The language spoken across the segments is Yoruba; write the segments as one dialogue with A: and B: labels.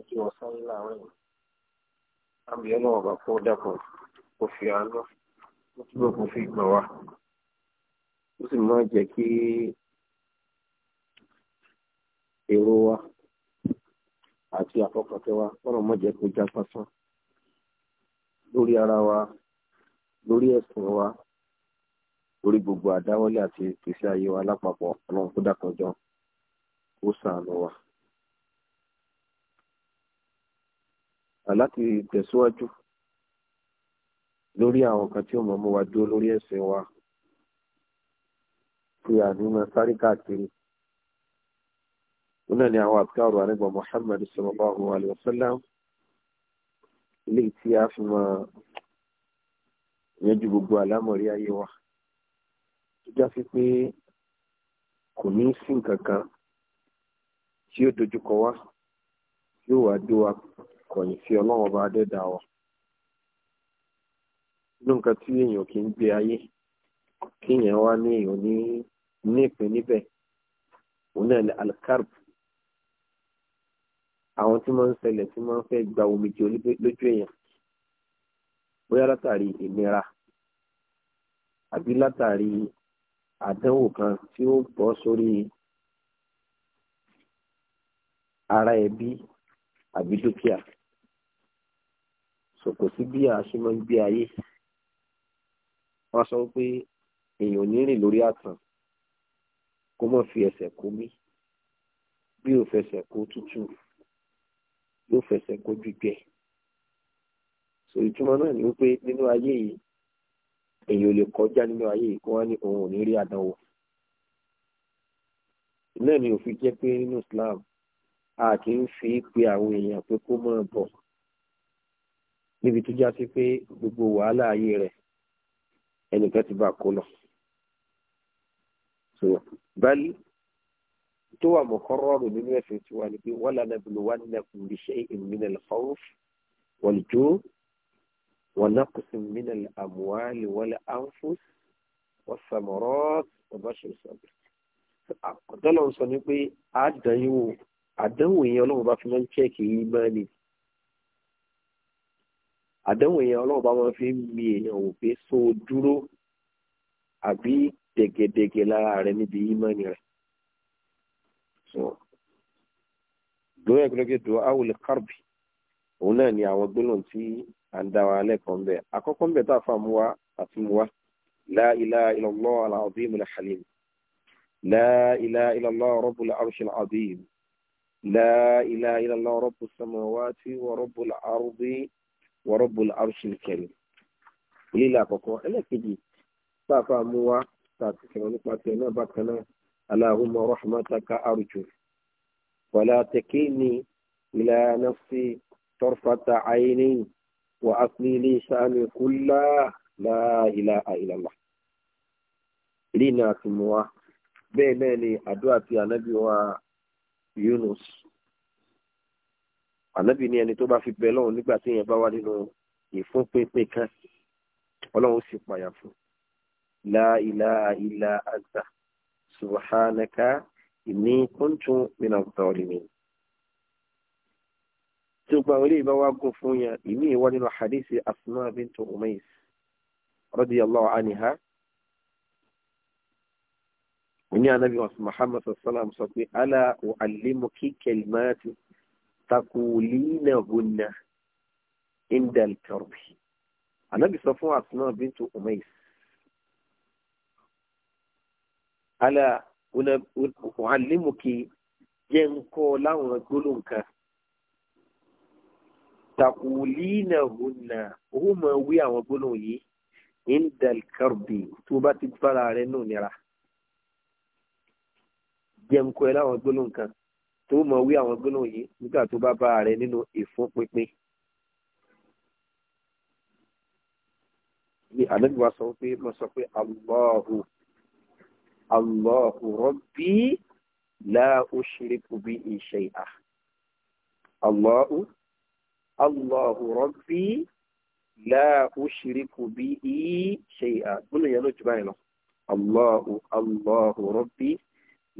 A: ojú ọ̀sán yìí láàárín yìí àbí ọlọ́run bá kó dàpọ̀ kó fi àánú ó túbọ̀ kó fi gbọ̀n wá ó sì máa jẹ́ kí èrò wa àti àfọkàntẹ wa kọ́nà mọ́ jẹ́ kó já pásán lórí ara wa lórí ẹ̀sìn wa lórí gbogbo àdáwọ́lé àti ìpèsè ayé wa lápapọ̀ ọlọ́run kó dàpọ̀ kó ṣàánú wa. láti tẹ̀síwájú lórí àwọn kan tí ó mọ̀ mọ́ wa dúró lórí ẹ̀sìn wa tí a sáré káàkiri ó náà ni àwọn àbíkáàrò ànígbà Muhammad sallallahu alaihi wasallam ilé tí a fi máa yanjú gbogbo àlámọ̀rí ayé wa tó já sí pé kò ní sí nǹkan kan tí ó dojúkọ wá tí ó wàá dó wa kọnyi fi ọlọ́run ọba adẹ́dàá wa inú nǹkan tí èèyàn kì í gbé ayé kí èèyàn wá ní èèyàn ní nípìn níbẹ̀ òun náà àwọn tí wọ́n ń ṣẹlẹ̀ tí wọ́n fẹ́ gba omijé lójú èèyàn bóyá látàrí ìnira àbí látàrí àdánwò kan tí ó bọ́ ara ẹbí àbí sòkò sí bí a ṣe máa ń gbé ayé wọ́n sọ pé èèyàn ò ní rìn lórí àtàn kó má fi ẹsẹ̀ kó mí bí ò fẹsẹ̀ kó tútù yóò fẹsẹ̀ kó gbígbẹ so ìtumọ̀ náà ni wípé nínú ayé yìí èèyàn ò lè kọjá nínú ayé yìí kó wá ní òun ò ní rí àdánwò náà ni òfin jẹ́ pé nínú Islam a kì í fi pe àwọn èèyàn pé kó máa bọ̀ níbi tó já sí pé gbogbo wàhálà ayé rẹ̀ ẹnìkan ti bá kó lọ so bali tó wà mọ̀kọ́rọ́rù nínú ẹ̀sìn tí wà ní pé wala nabluwannakum bishay'in minal khawf wal ju' wa naqsin minal amwali wal anfus was samarat wa bashir sabir àkọ́tọ́lọ́ sọ ní pé àdánwò àdánwò yẹn ọlọ́run fi máa ń chẹ́ẹ̀kì yìí máa nìyí àdéhùn yẹn ọlọ́run bá máa fi ń mi èèyàn wò pé so dúró àbí dègèdègè lára rẹ níbi ìmọ̀ni rẹ. lórí ẹgbẹ́lẹ́gbẹ́ dùn áwòlẹ̀ kárbì òun náà ni àwọn gbólóhùn tí à ń dá wa lẹ́kọ̀ọ́ ń bẹ̀ àkọ́kọ́ ń bẹ̀ tá a fà mú wa àti mú wa la ilaha illallah al-azim al-halim la ilaha illallah rabbul arshil azim la ilaha illallah rabbus samawati wa rabbul ardi wa rabbul arshil karim ilé àkọ́kọ́ ẹlẹ́kejì pàápà mú wa tààtì sọ̀rọ̀ nípa tẹ̀ náà bákan náà allahumma rahmataka arju wala takilni ila nafsi tarfata ayni wa asli li sha'ni kulla la ilaha illallah ilé náà ti mú wa bẹ́ẹ̀ náà ni àdúrà ti ànábì Yunus ànábì ní ẹni tó bá fi bẹ lọ́hùn nígbà tí èèyàn bá wà nínú ìfúnpínpín kan ọlọ́run sì pààyà fún la ilaha illa anta subhanaka inni kuntu minaz zalimin. tí o gba àwọn eléyìí bá wá gùn fún yẹn ìmí ìwá nínú hadisi asma bintu umais radiyallahu anha ní ànábì Muhammad sallallahu alaihi wasallam sọ pé ala uallimuki kalimati takulinahunna indal karbi anabi sọ fún asuna bintu umais ala ualimuki jẹ nkọ láwọn gbólóǹkà takulinahunna ó máa wí àwọn gbólóǹ yìí indal karbi tó bá ti bára rẹ nù nira jẹ nkọ tó mọ̀ wí àwọn gbóná yìí nígbà tó bá bá rẹ nínú ìfúnpinpin. ní ànágbèwà sọ pé mo sọ pé Allahu Allahu Rabbi la ushriku bihi shay'a. Allahu Allahu Rabbi la ushriku bihi shay'a. Gbóná yẹn ló jù báyìí lọ. Allahu Allahu Rabbi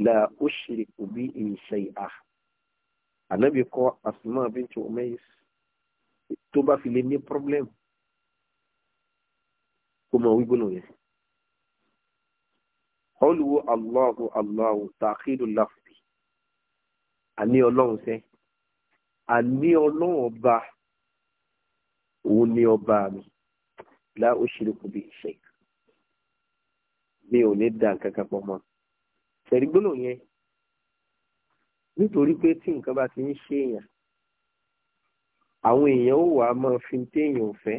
A: la ushriku bihi shay'a ànábì kọ́ Asma bint Umays tó bá fi lè ní problem kó mọ̀ wí gbóná yẹn. Qawluhu Allahu Allahu ta'khidu lafzi àní ọlọ́run sẹ́ àní ọlọ́run ọba òun ní ọba mi la ushriku bihi shay'a mi ò ní dá nǹkan pọ̀ mọ́ tẹ̀rí gbólóhùn yẹn nítorí pé tí nǹkan bá ti ń ṣe èèyàn àwọn èèyàn ò wá máa fi téèyàn ò fẹ́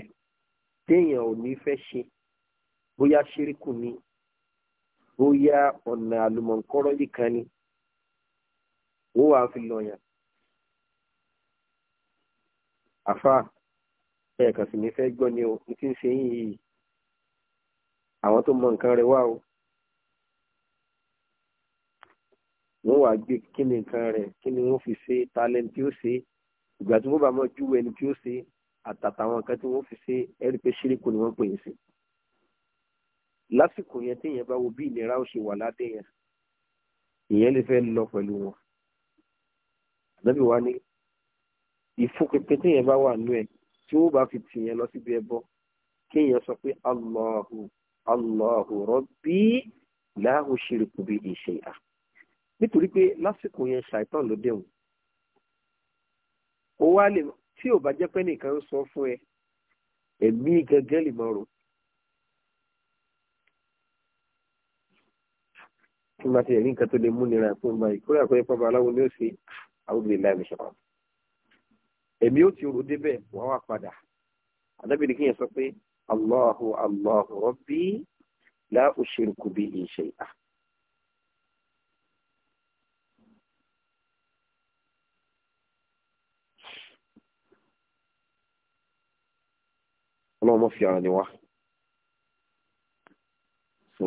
A: téèyàn ò ní fẹ́ ṣe bóyá ṣíríkù ni bóyá ọ̀nà àlùmọ̀ǹkọ́rọ́ yìí kan ni wọ́n wàá fi lọ̀yàn. àfa ẹ̀ẹ̀kan sì ní fẹ́ gbọ́ ni o ní tí ń ṣe yín yìí àwọn tó mọ nǹkan rẹ̀ wá o. wọ́n wàá gbé kí ni nǹkan rẹ̀ kí ni wọ́n fi ṣe talent tí ó ṣe ìgbà tí wọ́n bá mọ ju ẹni tí ó ṣe àtàtàwọn nǹkan tí wọ́n fi ṣe ẹ̀rí pé ṣíríkù ni wọ́n pè é sí. lásìkò yẹn téèyàn bá wo bí ìnira ó ṣe wà ládé yẹn ìyẹn lè fẹ́ lọ pẹ̀lú wọn. ànábì wa ní ìfúnpẹpẹ téèyàn bá wà nú ẹ tí ó bá fi tìyẹn lọ síbi ẹbọ kéèyàn sọ pé Allahu Allahu Rabbi láhùn ṣíríkù bí ìṣe àpò nítorí pé lásìkò yẹn ṣàìtàn ló dẹ̀wọ̀n ó wá lè tí ò bá jẹ́ pé nìkan ń sọ fún ẹ ẹ̀mí gẹ́gẹ́ lè mọ̀ rò tí máa ti ẹ̀rí nǹkan tó lè mú nira fún ọmọ ìkórè àkọ́yẹ́ pọ́nba aláwo ni ó ṣe àwọn obìnrin láì mẹ́sàn ẹ̀mí ó ti rò débẹ̀ wá wà padà àdábìnrin kìyẹn sọ pé Allahu Allahu Rabbi la ushriku bihi shay'a ọlọ́run mọ́ fi ara ni wá so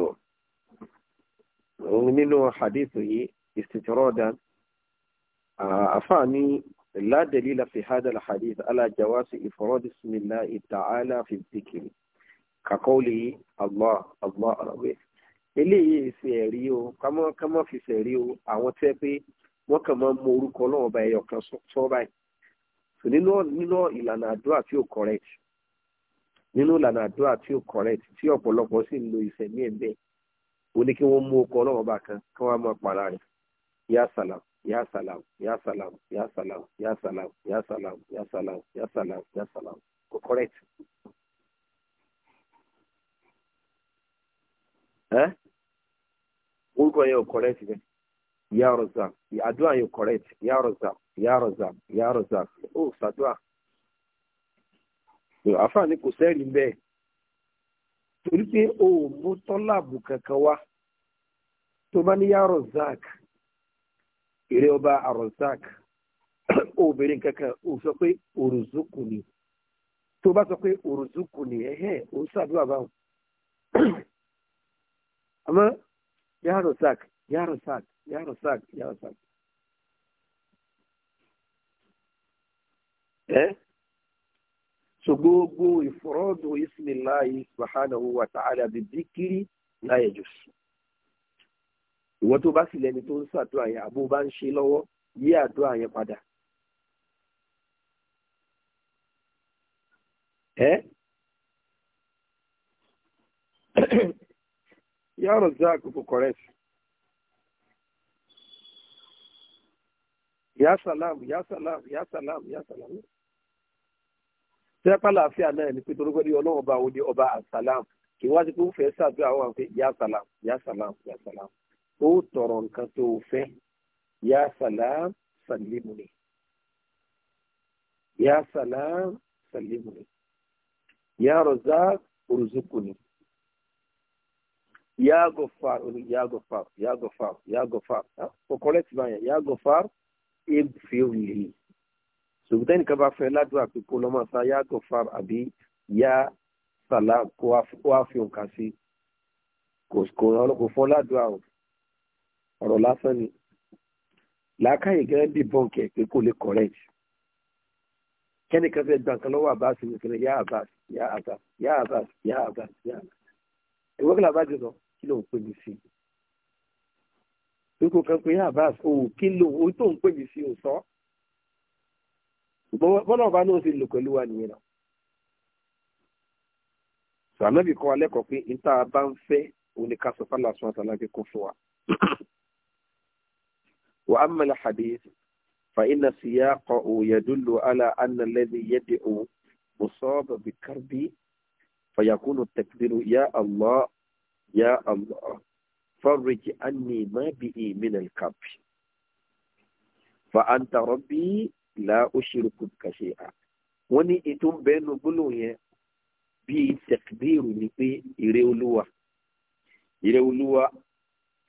A: òun nínú hadith yìí istitiradan afa ah, ni la dalila fi hada al hadith ala jawasi ifrad ismillahi ta'ala fi dhikri ka qawli allah allah rabbi eléyìí ṣe ẹ̀rí o ká má fi ṣẹ̀rí o àwọn tẹ́ pé wọ́n kàn máa ń mọ orúkọ ọlọ́run ọba ẹ̀yọ̀ kan nínú ìlànà àdúrà tí ò correct nínú ìlànà àdúrà tí ó correct tí ọ̀pọ̀lọpọ̀ sì ń lo ìsẹ̀mí ẹ̀mẹ́ o ní kí wọ́n mú ọkọ̀ ọlọ́run bá kan kí wọ́n á máa para rẹ̀ yá sàlám yá sàlám yá sàlám yá sàlám yá sàlám yá sàlám yá sàlám yá sàlám yá sàlám kò correct. ẹ orúkọ yẹn ò correct bẹ́ẹ̀ yá rọ̀zà àdúrà yẹn ò correct yá rọ̀zà yá rọ̀zà yá rọ̀zà ó ṣàdúrà àfààní kò sẹ́rìí bẹ́ẹ̀ torí pé o ò mú tọ́làbù kankan wá tó bá ní yá rozak èrè ọba arozak obìnrin kankan ò sọ pé òrùzùkù ni tó bá sọ pé òrùzùkù ni ẹ̀hẹ́ ò ń ṣàdúrà báwọn àmọ́ yá rozak yá rozak yá rozak yá rozak. Eh? so gbogbo ìfọ̀rọ̀dù ismillahi subhanahu wa ta'ala bi dhikri la yajuz ìwọ́n tó bá sì lẹ́ni tó ń ṣàdúrà yẹn àbó bá ń ṣe lọ́wọ́ yí àdúrà yẹn padà. ẹ yà zá àkókò correct yà sàlám yà sàlám yà sàlám yà sàlám tẹ́pá làáfíà náà ni pé torógbẹ́ni ọlọ́run ọba òde ọba asalam kì wá sí pé ó fẹ́ sàdúrà wọn pé yá salam yá salam yá salam ó tọrọ nǹkan tó o fẹ́ yá salam salimuni yá salam salimuni yá razak uruzukuni yá gọfàr yá gọfàr yá gọfàr yá gọfàr ọkọ rẹ ti bá yẹn yá gọfàr ébùfẹ́ òlè yìí ṣùgbọ́n nìkan bá fẹ́ ládùúgbà pé kó sa yá gọ̀fàr àbí yá sàlá kó wá fi òǹkà sí kò ọlọ́kò fún ládùúgbà ọ̀rọ̀ lásán ni làákàyè gẹ́gẹ́ bí bọ́ǹkì ẹ̀ pé kò lè correct kẹ́nìkan fẹ́ gba nǹkan lọ́wọ́ àbáṣe nìkan yá àbáṣe yá àbáṣe yá àbáṣe yá àbáṣe yá àbáṣe ìwé kí làbá jẹ sọ ya ló ń pè mí sí i pé kò kàn pé yá àbáṣe òun kí ló òun tó ń pè mí sí òun sọ ọ́ bọ́lá ọba náà sì lò pẹ̀lú wa nìyẹn náà sànàbì kọ́ alẹ́ kọ́ pé níta bá ń fẹ́ oníkàsọ fàlà sùn àtàlà fi kún fún wa. wà á mẹ́lẹ̀ hadith fa sí yá kọ́ òòyẹ̀dúlò àlà àna lẹ́dí yẹ́dì òun mùsọ́ọ̀bù bí kárbi fàyàkúnù tẹ̀kídìrú yá allah yá allah fọ́nrìjì á ní má bí i mí nà la ushriku bika shay'a wọ́n ní ètò ń bẹ́ẹ̀ nu gbólóhùn yẹn bíi tẹ̀kídìrù ni pé ìrẹ olúwa ìrẹ olúwa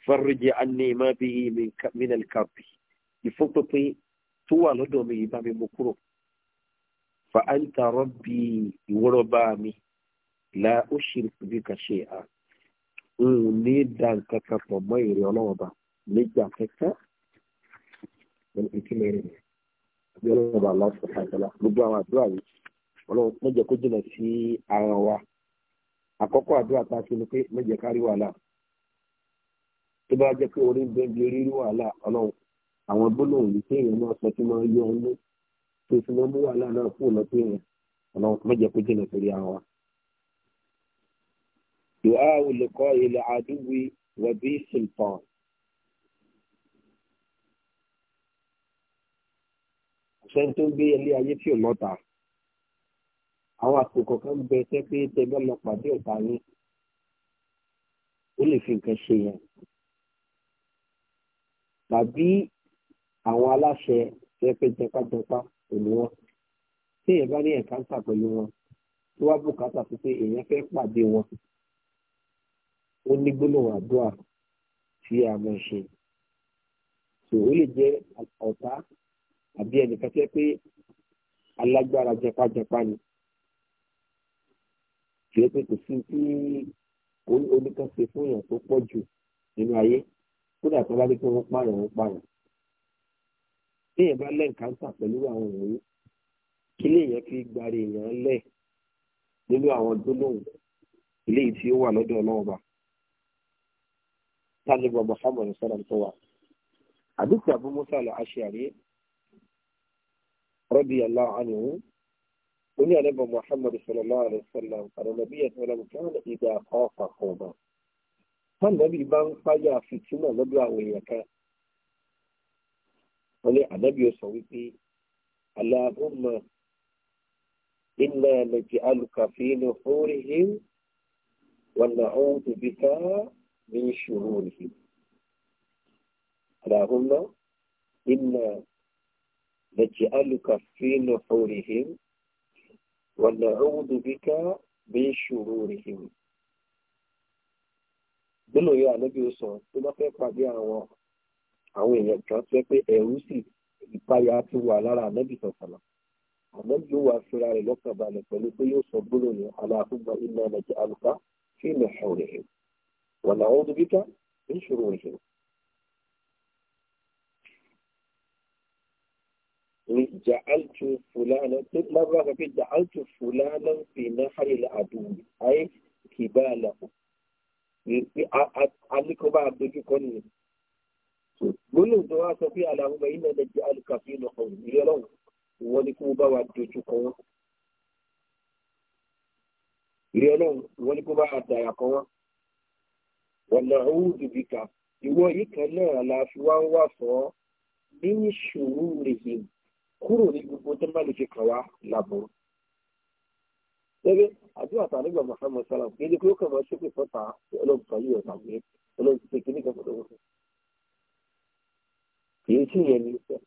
A: farrij anni ma bihi min al-karbi ìfọ́pẹ́pẹ́ tó wà lọ́dọ̀ mi yìí bá mi mú kúrò fa anta rabbi ìwọ́rọ̀bá mi la ushriku bika shay'a n ò ní dá nǹkan kan pọ̀ mọ́ ìrẹ ọlọ́wọ́ bá nígbà kẹta ìtumọ̀ rẹ̀ àbí ọlọ́run bá aláṣọ àtàlà gbogbo àwọn àdúrà yìí ọlọ́run mẹ́jẹ kó jìnà sí ara wa àkọ́kọ́ àdúrà tá a ṣe ni pé mẹ́jẹ kárí wàhálà tó bá jẹ́ pé orí ń bẹ́ẹ̀ bí rírí wàhálà ọlọ́run àwọn gbólóhùn yìí téèyàn máa sọ tí máa yọ ọ́n mú tó fi máa mú wàhálà náà kúrò lọ́tọ́ èèyàn ọlọ́run mẹ́jẹ kó jìnà sórí ara wa. dùhà olùkọ́ ilẹ̀ àdúgbò wẹ̀bí sultan sẹ́ni tó ń gbé ilé ayé tí ò mọ́ta àwọn àsìkò kan bẹ tẹ́ pé tẹ bá lọ pàdé ọ̀tá yín ó lè fi nǹkan ṣe yẹn tàbí àwọn aláṣẹ tẹ pé jẹpájẹpá pẹ̀lú wọn tí èèyàn bá ní ẹ̀káńtà pẹ̀lú wọn tó wá bùkátà sí pé èèyàn fẹ́ pàdé wọn ó ní gbólóhùn àdúrà tí a mọ̀ ṣe so ó lè jẹ́ ọ̀tá àbí ẹnìkan tẹ́ pé alágbára jẹpajẹpa ni kì í pé kò sí tí oníkan ṣe fún èèyàn tó pọ̀ jù nínú ayé kódà tó bá ní kí wọ́n pààyàn wọ́n pààyàn téèyàn bá lẹ́ǹkáńtà pẹ̀lú àwọn èèyàn yìí kí léèyàn fi gbari èèyàn lẹ̀ nínú àwọn gbólóhùn eléyìí tí ó wà lọ́dọ̀ ọlọ́ọ̀ba tálẹ́gbọ̀n Muhammad sọ́dọ̀ tó wà àdúgbò Abu Musa radiyallahu anhu oní ànábì muhammadu sallallahu alayhi wa sallam àdànàbí ẹ̀sọ́lá nǹkan ìgbà ọ̀fà kọ̀ọ̀bà tánàbí bá ń páyà fìtínà lọ́dọ̀ àwọn èèyàn kan wọ́n ní ànábì ó sọ wípé allahumma inna naj'aluka fi nuhurihim wa na'udhu bika min shururihim allahumma inna. نجعلك في نحورهم ونعوذ بك من شرورهم nínú ìyá ànábì sọ tó bá fẹ́ pàdé àwọn àwọn èèyàn kan fẹ́ pé ẹ̀rú sì ìpayà ti wà lára ànábì sọ̀tàlà ànábì wà fúnra rẹ̀ lọ́kàn pẹ̀lú pé yóò sọ gbólóhùn ní aláàfúgbà iná nàìjíríà alùpà fíìmù ẹ̀hún rẹ̀ wọ̀nà àwọn olùbíkà ń ṣòro pé ja'altu fúlànà pé lábúrò sọ pé ja'altu fúlànà fi náhàrìlà àdúgbò ayé kìbá àlàfo pé alíkọ́bá àdójúkọ nìyẹn. gbólóhùn tó wá sọ pé àlàfo bẹ́ẹ̀ iná lẹ́jẹ̀ alùkàfẹ́ ìlú ọ̀hún ilé ọlọ́run ìwọ ni kó bá wa dojú kọ wọn. ilé ọlọ́run ìwọ ni kó bá wa dàyà kọ wọn. wọ̀nà òwú dùbìkà ìwọ kan náà la fi wá ń wà fọ́ ní kúrò ní gbogbo tó má lè fi kàn wá láburú. Gẹ́gẹ́ àdúrà tà nígbà Mùsàlùmí Sálàm kì í di pé ó kàn máa ṣépè fọ́ta ọlọ́gbọ̀n yìí ọ̀tà gbé ọlọ́gbọ̀n pé kíní kan fọ́tọ̀ wọ́n. Kì í sí ìyẹn ní ìfẹ́.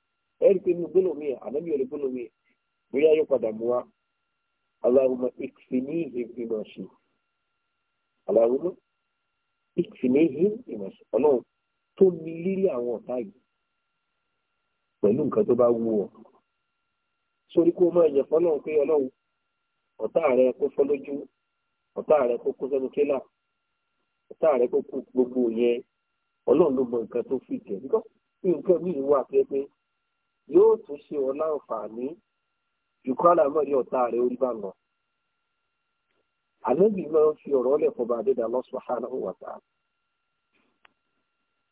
A: Ẹ rí i pé inú gbólóhùn yẹn ànábì ọ̀rẹ́ gbólóhùn yẹn bóyá yóò padà mú wa. Allahumma ikfinihim bima shi. Allahumma ikfinihim Ọlọ́run tó mi lílé àwọn ọ̀tá yìí pẹ̀lú nǹkan tó bá wù ọ́ sórí kó máa yẹ̀ fọ́lọ́run pé ọlọ́run ọ̀tá rẹ kó fọ́ lójú ọ̀tá rẹ kó kó sẹ́nu kílà ọ̀tá rẹ kó kú gbogbo yẹn ọlọ́run ló mọ nǹkan tó fi jẹ́ nígbà tí nǹkan míì wà pé pé yóò tún ṣe ọ láǹfààní ṣùgbọ́n àlàmọ́ ní ọ̀tá rẹ orí bá lọ. ànábì máa ń fi ọ̀rọ̀ ọ̀lẹ̀ fọba àdédà subhanahu wa ta'ala.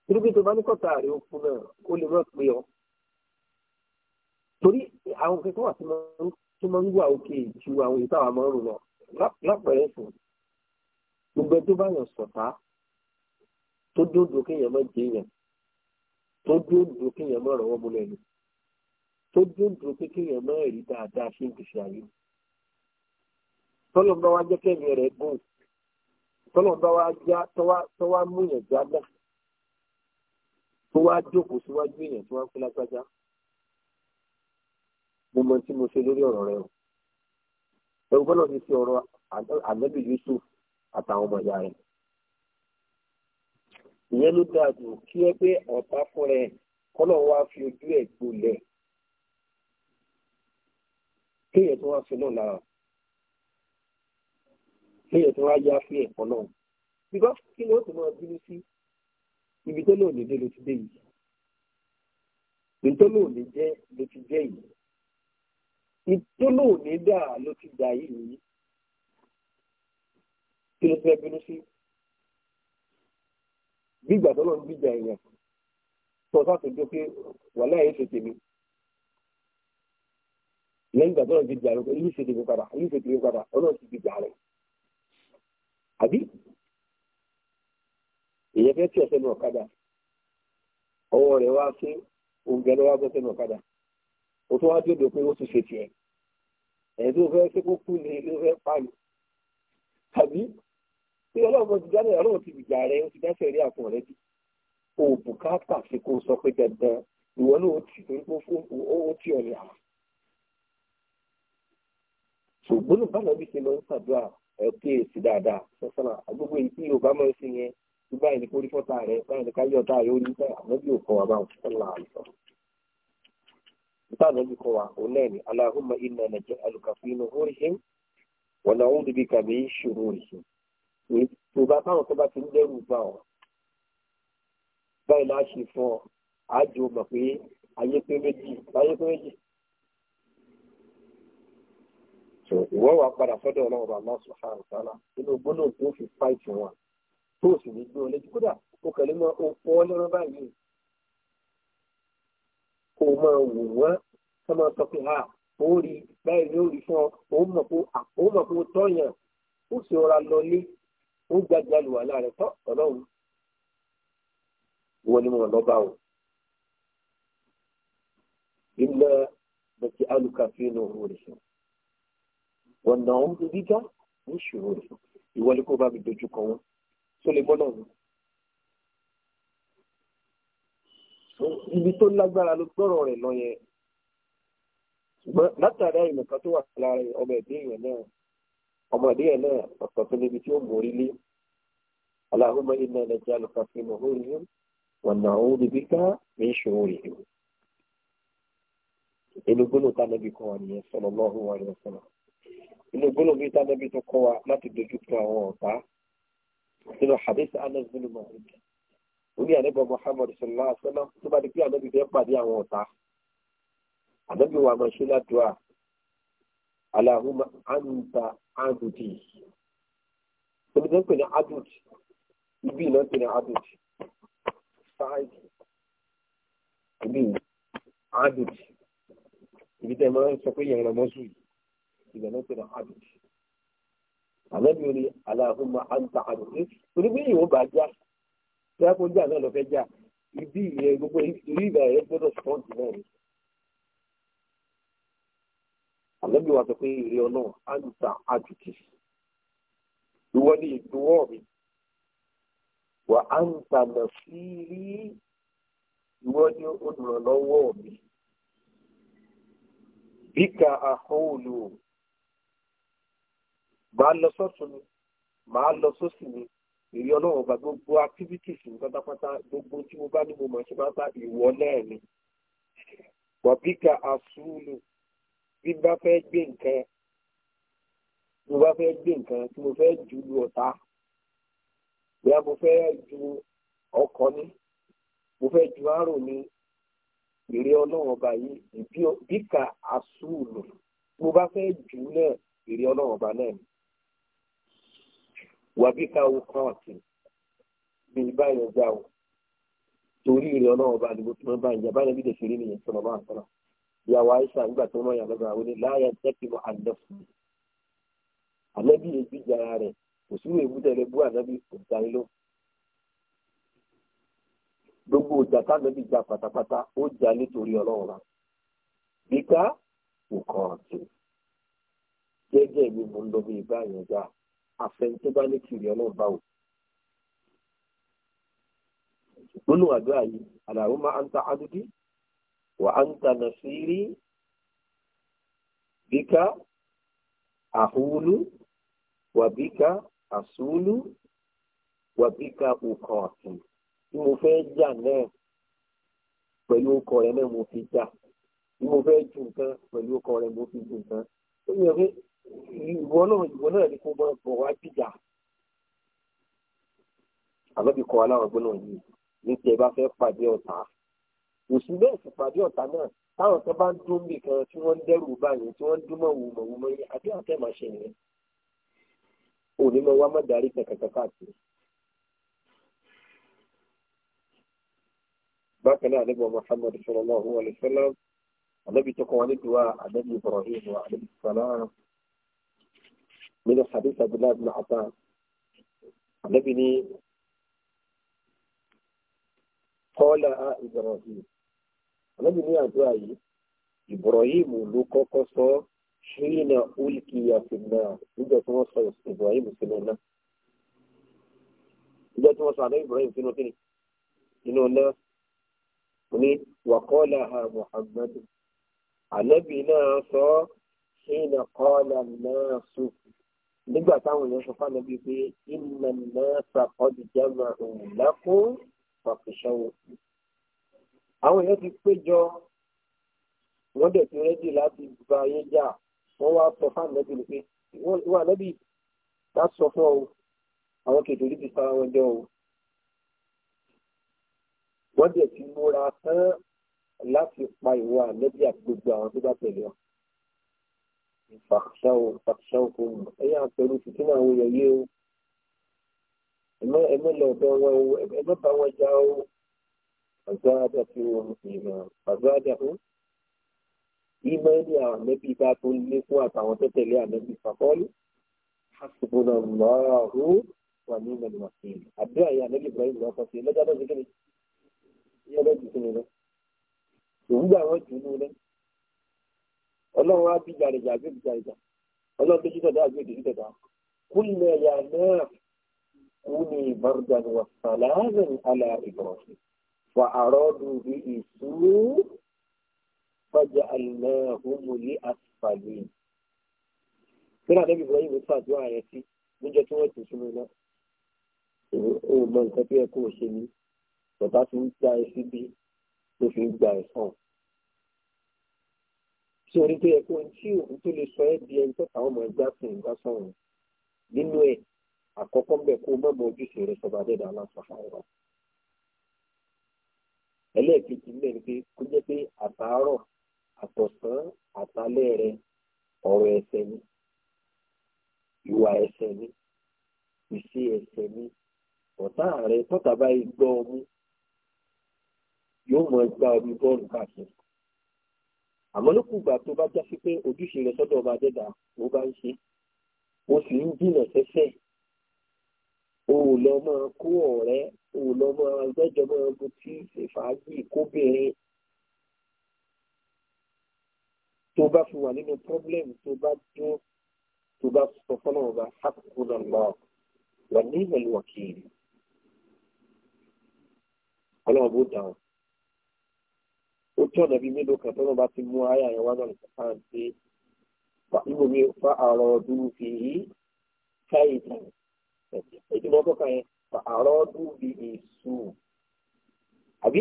A: nítorí pé tó bá ní kọ́tà rẹ ó kú náà ó lè má pé ọ torí àwọn kẹ́kọ̀ọ́ àti tó máa ń wà òkè ju àwọn ìta àwọn ọmọ lọ lápẹ̀rẹ̀ fún gbogbo ẹjọ́ bá yàn sọ̀tá tó dòdò kéèyàn má jẹ yàn tó dòdò kéèyàn má rọwọ́ mú lẹ́nu tó dòdò pé kéèyàn má rí dáadáa ṣe ń gbèsè àyè tọ́lọ̀ bá wá jẹ́ kẹ́mi rẹ̀ gùn tọ́lọ̀ bá wá já tọ́wá múyàn já náà tó wá jókòó síwájú èèyàn tí wọ́n ń fi lágbájá mo mọ tí mo ṣe lórí ọ̀rọ̀ rẹ o ẹ̀rù bọ́lá ti ṣe ọ̀rọ̀ ànábì Yusuf àtàwọn ọmọ ìyá rẹ̀ ìyẹn ló dáa jù kí ẹ pé ọ̀tá fún rẹ kọ́lọ̀ wá fi ojú ẹ̀ gbolẹ̀ kéèyàn tó wá sí náà lára kéèyàn tó wá yá fún ẹ̀kọ́ náà bíkọ́ kí ni ó sì máa bínú sí ibi tó lò ní dé ló ti dé yìí nítorí òní jẹ́ ló ti jẹ́ yìí ìtólò ní dà ló ti dà yìí nìyí kí ló fẹ́ bínú sí bí ìgbà tó lọ ń gbìjà èèyàn tó ọ̀sán tó dókè wà láyé ṣe tèmi lẹ́yìn ìgbà tó lọ ń gbìjà rẹ̀ yìí ṣe tèmi padà yìí ṣe tèmi padà ọlọ́run ti gbìjà rẹ̀ àbí èèyàn fẹ́ tí ọ̀sẹ̀ ní ọ̀kadà ọwọ́ rẹ̀ wá sí oúnjẹ lọ́wọ́ bọ́ sẹ́nu ọ̀kadà ó tún wá dé òde pé ó ṣe tiẹ̀ ẹ̀ẹ́dó fẹ́ kékó kú ni ló fẹ́ pàlù tàbí tí ti dáná ọlọ́run ti gbìjà rẹ ti dáṣẹ́ rí àpò rẹ bí o ti torí pé ó ti ọ̀lẹ́ àwọn. ṣùgbọ́n nípa náà nípa lọ́jọ́ kan wà òun náà ni aláhùnmá iná nàìjẹ́ alùkàfin inú hóríhìn wọn àwọn òdìbí kàmí ìṣòro rìhìn yorùbá táwọn tó bá ti ń dẹ́rù bá ọ báyìí láṣẹ fún àjò mọ̀ pé ayé pé méjì ìwọ wa padà sọ́dọ̀ Ọlọ́run bàbá subhanahu wa ta'ala inú gbólóhùn tó fi fáìtì wọn tó sì ní gbé ọ létí kódà ó kẹlẹ mọ òpó ọlọ́run báyìí kó o máa wò wọ́n kó o máa sọ pé ha ó rí báyìí ló rí fún ọ ó mọ̀ pé ó mọ̀ pé ó tọ̀yàn ó sì rọra lọlé ó gbàgbà lù wà láàrẹ̀ tọ́ ọlọ́run wọn ni mo lọ bá o. ilẹ̀ bẹ̀tì alùkàfẹ́ ní òru rẹ̀ sùn wọ́n náà ń dojú já ní ìṣòro ìwọlé kó bá mi dojú kọ wọn tó lè bọ́ náà ibi tó lágbára ló gbọ́rọ̀ rẹ̀ lọ yẹn ṣùgbọ́n látàrí àyè nìkan tó wà lára ọmọ ẹ̀dẹ́ yẹn náà ọmọ ẹ̀dẹ́ yẹn náà ọ̀sán tó níbi tí ó mórí lé aláhùnmọ́ iná ẹlẹ́jà lọ́ka fi mọ̀ ó yẹn wọ̀n náà ó níbi ká ní ìṣòro rẹ̀ yẹn. inú gbólóhùn tá nàbí kọ́ wa nìyẹn sallallahu alaihi wasallam inú gbólóhùn mi tá nàbí orí àdẹ́gbẹ́ Muhammad sallallahu alaihi tó bá di pé àdẹ́bí fẹ́ pàdé àwọn ọ̀tá àdẹ́bí wa máa ṣe ládùúà Allahumma anta abudi omi tó ń pè ní adult ibi ìlọ ń pè ní adult sáàdì ibi adult ibi tẹ́ máa ń sọ pé yẹn rọmọ́sù ìgbà náà ń pè ní adult àdẹ́bí orí Allahumma anta abudi orí bí ìwọ bá jẹ́ àṣà bóyá kó jà náà lọ fẹ́ jà ibi ìyẹn gbogbo orí ìgbà rẹ gbọ́dọ̀ sọ́ọ̀tì náà ni. àlọ́bí wa sọ pé ìrẹ́ ọlọ́run á ń ta àjùkì ìwọ ni ìdúwọ́ mi wà á ń ta lọ sí rí ìwọ ni olùrànlọ́wọ́ mi bíkà àhóòlù màá lọ sọ́tún mi màá lọ sósì mi èyí ọlọ́run ọba gbogbo activities mi pátápátá gbogbo tí mo bá ní mo mọ̀ ṣe máa ń ta ìwọ náà ni. wàbíkà àsúlù bí bá fẹ́ gbé nǹkan mo bá fẹ́ gbé nǹkan tí mo fẹ́ jù lu ọ̀tá bóyá mo fẹ́ ju ọkọ̀ ni mo fẹ́ ju àrò ni èrè ọlọ́run ọba yìí bíkà àsúlù mo bá fẹ́ jù náà èrè ọlọ́run ọba náà ni wàbíkà òkan ọ̀tún bí báyìí ọjà o torí ilẹ̀ ọlọ́run bá àdìgbò tí wọ́n bá ìjà báyìí bídè ṣeré nìyẹn sọ̀rọ̀ máa ń sọ̀rọ̀ ìyàwó Aisha nígbà tó mọ̀ yàn lọ́gbà wọlé láyà jẹ́kìmọ̀ àdẹ́fù ànábì ègbì jara rẹ̀ kò sí èébú tẹ̀lé bú ànábì kò dání ló gbogbo ìjà tánábì jà pátápátá ó jà nítorí ọlọ́run rà bíkà òkan ọ̀tún jẹ́jẹ́ mi mò ń lọ bí ìbá yẹn àfẹn tó bá ní kiri ọlọ́run bá wò. gbólóhùn àdúrà yìí Allahumma anta abdi wa anta nasiri bíkà àhúlù wà bíkà àsúlù wà bíkà òkàn àtún tí mo fẹ́ jà náà pẹ̀lú ọkọ rẹ náà mo fi jà tí mo fẹ́ ju nǹkan pẹ̀lú ọkọ rẹ mo fi ju nǹkan ìwọ náà ìwọ náà ni kó máa bọ̀ wá bìjà àlọ́bí kọ́ aláwọ̀ gbọ́nà yìí ní tí ẹ bá fẹ́ pàdé ọ̀tá òsì bẹ́ẹ̀ sì pàdé ọ̀tá náà táwọn kan bá ń dún bì kan tí wọ́n ń dẹ́rù báyìí tí wọ́n ń dún mọ̀ wùmọ̀ wùmọ̀ yìí àbí àwọn kẹ́ẹ̀ máa ṣe nìyẹn òní mọ wá má darí kankan káàkiri. bákan náà ànábì Muhammad sallallahu alaihi wasallam ànábì tó kọ́ wọn ní duwa ànábì Ibrahim wa alaihi salam. من حديث عبد الله بن عباس النبي قال إبراهيم النبي ني أدعي إبراهيم لوكو كسو حين ألقي في النار إذا توصل إبراهيم في النار نجا توصل إبراهيم في النار إنه النار وقالها محمد النبي ناصر حين قال الناس nígbà táwọn èèyàn sọ fáwọn bíi pé ìnà náà sàkọ́dì jẹ́mà òun lẹ́kún pàpẹ́sẹ́wò. àwọn èèyàn ti péjọ wọ́n dẹ̀ ti rẹ́dì láti gba ayé jà wọ́n wá sọ fáwọn lẹ́bí ni pé wọ́n àlẹ́bí láti sọ fún ọ àwọn kèdèrí ti fara wọn jọ o. wọ́n dẹ̀ ti múra tán láti pa ìwọ àlẹ́bí àti gbogbo àwọn tó bá tẹ̀lé wọn fàṣàwò fàṣàwò kò mọ̀ ẹ yà pẹ̀lú títí náà àwọn èèyàn yé o ẹ mọ lọ bẹ wọn o ẹ mọ bá wọn já o àgbà àdá tí wọn ìmọ̀ àgbà àdá o ìmọ̀ ẹni àwọn àmẹ́bí bá tó lé fún àtàwọn tó tẹ̀lé àmẹ́bí fàkọ́lù hasbuna allahu wa ni mẹni wà sí i àdúrà yẹn àmẹ́bí ibrahim lọ́kọ́ sí i lọ́jọ́ náà ti kéde yẹn lọ́jọ́ ti kéde lọ òwúgbà ọlọ́run á bí jàrìjà àbí òbí jàrìjà ọlọ́run tó ṣíṣọ̀dá àbí òbí ṣíṣọ̀dá kúlẹ̀ yà náà kúni bardan wa salamin ala ibrahim wa aradu bi isu fajà alahumuli asfali. Kíra níbi Ibrahim ṣàdúrà yẹn sí níjọ́ tí wọ́n ti súnmọ́ náà. Èmi mọ nǹkan tó yẹ kó o ṣe ní. Bàbá ti ń gba ẹ síbí ló fi ń gba ẹ sàn tí orí tó yẹ kó ń tí òun tó lè sọ ẹ́ di ẹni tó táwọn ọmọ ẹgbẹ́ fún ìgbà sọ̀rọ̀ nínú ẹ̀ àkọ́kọ́ ń bẹ̀ kó mọ̀ mọ́ ojúṣe rẹ̀ sọ̀bà dẹ́dà aláṣọ̀fáìrọ̀. ẹlẹ́ẹ̀kejì ń bẹ̀ ni pé kó jẹ́ pé àtàárọ̀ àtọ̀sán àtàlẹ́ rẹ ọ̀rọ̀ ẹ̀ṣẹ̀ ni ìwà ẹ̀ṣẹ̀ ni ìṣe ẹ̀ṣẹ̀ ni ọ̀tá rẹ tọ́ta báyìí gbọ́ ọmú yóò mọ gbá omi bọ́ọ̀lù káàkiri àmọ́ lókùgbà tó bá já sí pé ojúṣe rẹ sọ́dọ̀ ọba adẹ́dà ó bá ń ṣe o sì ń jìnà sẹ́sẹ̀ o ò lọ máa kó ọ̀rẹ́ o ò lọ máa gbẹ́jọ máa mutí ṣèfàájì kóbìnrin tó bá fi wà nínú pọ́blẹ́mù tó bá dún tó bá sọ fọ́nà ọba sákòókò náà lọ wà ní ìmọ̀lúwọ̀kì ọlọ́run bó dáhùn ó tí ọ̀nà bíi mélòó kan tọ́nà bá ti mú àyà yẹn wá náà nìkan fa àrọ̀ ọdún fi yí káyì tán èyí fa àrọ̀ ọdún bí èso àbí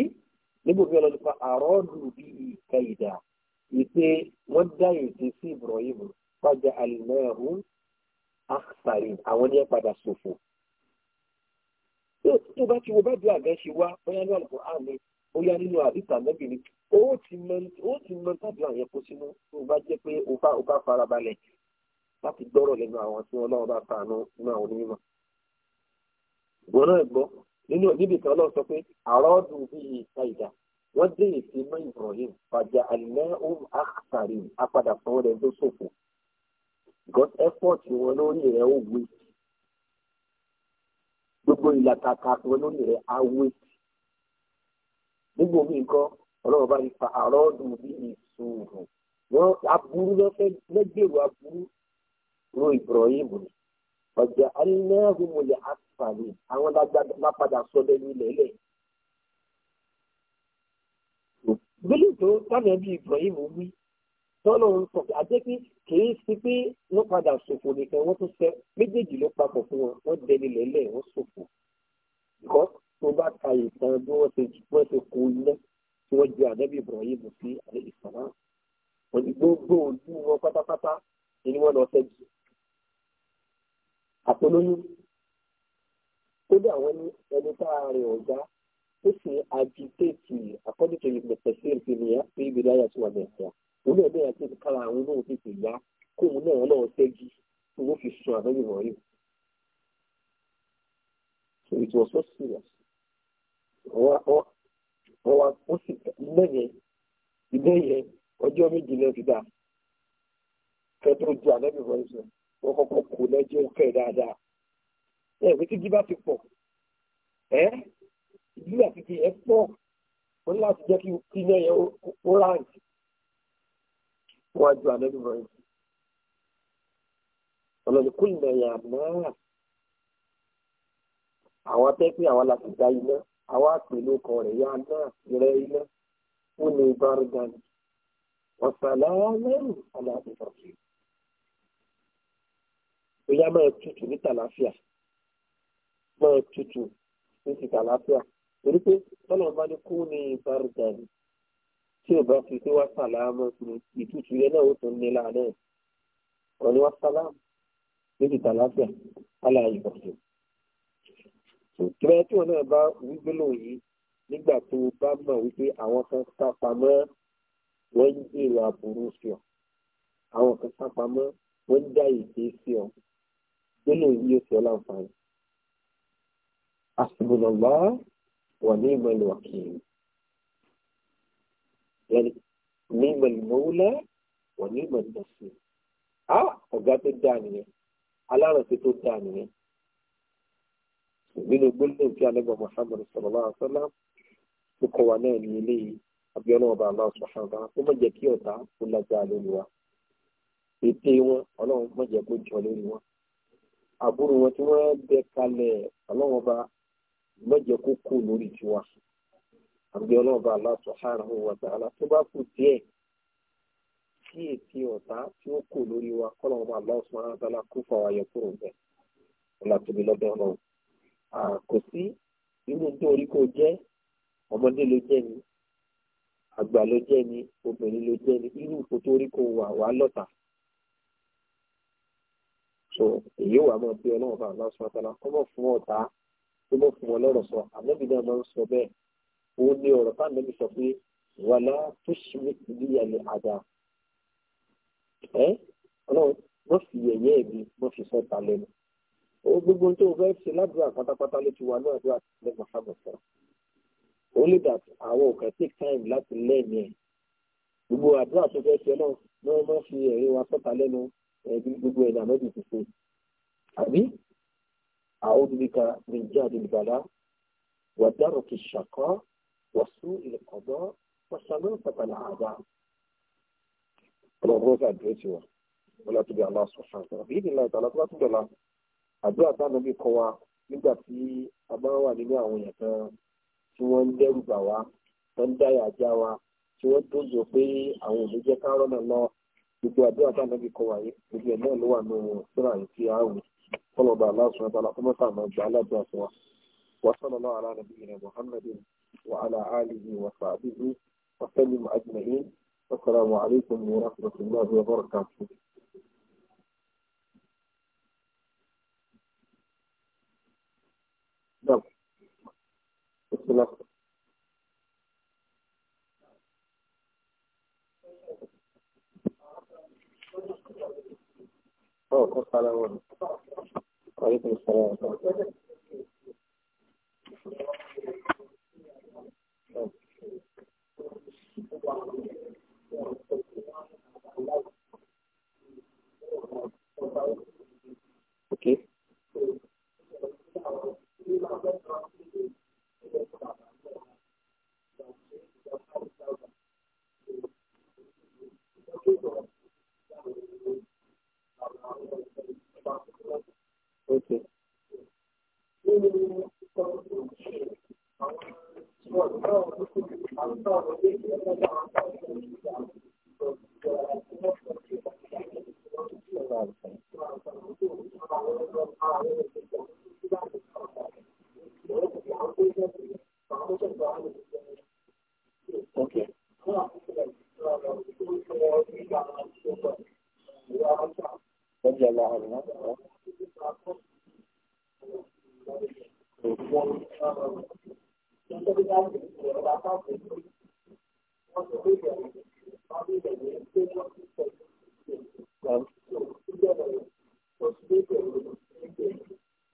A: níbo mi ọlọ́dún fa àrọ̀ ọdún bí káyì dá ìpè wọ́n dá ètè sí Ibrahim fájà àlùmọ́ọ̀hún àkàrí àwọn ní ẹ̀ padà ṣòfò tó bá ti wo bá ju àgẹ́ ṣe wá bóyá ní àlùkò àmì bóyá nínú àdìsá mẹ́bìnrin o ti mọ o ti mọ tàbí àwọn yẹn kó sínú tó bá jẹ́ pé o bá o bá farabalẹ̀ láti gbọ́rọ̀ lẹ́nu àwọn tí wọn náà bá fàánú nínú àwọn onímọ̀ ìwọ náà gbọ́ nínú níbi kan náà sọ pé àrọ́dùn bíi ìta ìdá wọ́n dé èsì mọ́ Ibrahim fàjà àlẹ́ òun àkàrí apàdà fún rẹ̀ ló ṣòfò because effort wọn lórí rẹ̀ ó wé gbogbo ìlàkàkà wọn lórí rẹ̀ á wé nígbà omi nǹkan ọlọ́run bá ní fa àrọ́ọ̀dùn bí ìṣòro wọn aburú lọ́gbẹ̀rù aburú ro Ibrahim ni ọjà aláhùnmọ̀lẹ̀ àfààní àwọn lápadà sọ́dọ̀ ní ilẹ̀ẹ́lẹ̀. gbélé tó tánà bí Ibrahim wí tọ́lọ̀ ń sọ àjẹ́ pé kìí sí pé wọ́n padà ṣòfò nìkan wọ́n tún fẹ́ méjèèjì ló papọ̀ fún wọn wọ́n dẹni lẹ́lẹ̀ wọ́n ṣòfò. ìkọ́ tó bá ka ìtàn bí wọ́n ṣe kó iná tí wọ́n ju ànábì Ibrahim sí àlẹ́ ìsàlá wọ́n ní gbogbo ojú wọn pátápátá ni wọ́n lọ sẹ́gi àpolóyún kódà wọ́n ní ẹni tá a rìn ọ̀gá ó sì agitéètì àkọ́dìtò ìgbẹ̀pẹ̀sí ìpìlẹ̀yà pé ìbílẹ̀ ayà tó wà mẹ́ta òun náà bẹ́ẹ̀ àti kára àwọn náà tètè yá kóun náà náà sẹ́gi tí wọ́n fi sun ànábì Ibrahim. So it was so serious. Or, or, wọ́n wá ó sì ilé yẹn yẹn ọjọ́ méjì náà ti dà fẹ́tọ́ ju àlẹ́bí wọn sọ wọ́n kọ́kọ́ kó lẹ́jọ́ kẹ́ dáadáa ẹ̀ pé tí ti pọ̀ ẹ́ gíba ti ẹ pọ̀ ó ní láti jẹ́ kí iná yẹn ó ráǹtì wọ́n á ju àlẹ́bí wọn sọ ọlọ́ni kúlìnà yà máa àwọn atẹ́pẹ́ àwọn aláṣẹ dá iná àwa pẹ̀lú ọkọ rẹ̀ yá náà rẹ iná ó ní bárúgàní ọ̀sàlá lẹ́rù aláàbẹ̀fọ̀fẹ̀. bóyá máa tutù ní tàlàfíà máa tutù ní ti tàlàfíà torí pé tọ́lọ̀ bá ní kó ní bárúgàní tí ò bá fi pé wá sàlámù ní ìtutù yẹn náà ó tún ní lánàá ọ̀ní wá sàlámù ní tàlàfíà aláàbẹ̀fọ̀fẹ̀ tòkìrẹ́ tí wọn náà bá wípé lò yìí nígbà tó bá mọ̀ wípé àwọn kan sá pamọ́ wọ́n ń jèrò àbúrò sí ọ àwọn kan sá pamọ́ wọ́n ń dá ìdè sí ọ gbélò yìí yóò fi láǹfààní. àsìbùnàgbà wà ní ìmọ̀lẹ̀ wàkìlì ní ìmọ̀lẹ̀ mọ́wúlẹ̀ wà ní ìmọ̀lẹ̀ lọ́sìn. ọ̀gá tó dáa nìyẹn aláròsí tó dáa nìyẹn. nínú gbólóhùn tí alẹ́gbọ̀ Muhammad sallallahu alaihi tó kọ wa náà ní ilé abiola ọba Allah subhanahu wa ó má jẹ́ kí ọ̀tá kó lágbára lórí wa ète wọn ọlọ́run má jẹ́ kó jọ lórí wọn àbúrò wọn tí wọ́n bẹ kalẹ̀ ọlọ́run ọba jẹ́ kó lórí tiwa abiola ọba wa tó bá kù díẹ̀ kí ète ọ̀tá tí ó lórí wa kò sí irú tó orí kò jẹ́ ọmọdé ló jẹ́ ni àgbà ló jẹ́ ni obìnrin ló jẹ́ ni irú ipò tó orí kò wà wá lọ́tà. so èyí wà mọ́ bí ọlọ́run bá aláṣọ àtàlà kọ́ mọ̀ fún ọ̀tá tó mọ̀ fún ọlọ́rọ̀ sọ ànábì náà máa ń sọ bẹ́ẹ̀ òun ni ọ̀rọ̀ táwọn ẹbí sọ pé wàlá tó ṣe mí ìdí ìyàlẹ̀ àdá ẹ ọlọ́run wọ́n fi yẹ̀yẹ́ mi wọ́n fi sọ́ta lẹ́nu òun gbogbo tó fẹ́ ṣe ládùúrà pátápátá ló ti wà ní àdúrà ní Muhammad sọ only that àwọn òkè take time láti lẹ́ẹ̀mí ẹ̀ gbogbo àdúrà tó fẹ́ ṣe náà ní wọ́n máa fi ẹ̀rí wa sọ́ta lẹ́nu ẹ̀bí gbogbo ẹ̀dá mẹ́bí ti ṣe àbí àwọn obìnrin kan lè jẹ́ àdìbàlá wàdàrọ̀ kì ṣàkọ́ wàsú ìlẹ̀kọ̀dọ́ wàṣàlọ́ pàtàlà àdá ọlọ́run ọ̀gá àdúrà tiwọn wọ́n láti bí aláṣọ ṣàǹtà àbí ìdílé àtàlà àdúrà táwọn bí kọ wa nígbà tí a bá wà nínú àwọn èèyàn kan tí wọ́n ń dẹ́rù bà wá wọ́n ń dáyà já wa tí wọ́n tó jọ pé àwọn ò ní jẹ́ ká rọ́nà lọ gbogbo àdúrà táwọn bí kọ wa yìí gbogbo ẹ̀ náà ló wà nínú síra yìí tí a wù kọlọba aláṣọ abala kọmọ táwọn àgbà aládùn àṣọ wa wasalaamu ala nabiyina muhammadin wa ala alihi wa sahbihi wa sallim ajma'in wasalaamu alaykum wa rahmatulahi wa barakatuh. والسلام عليكم السلام ورحمة الله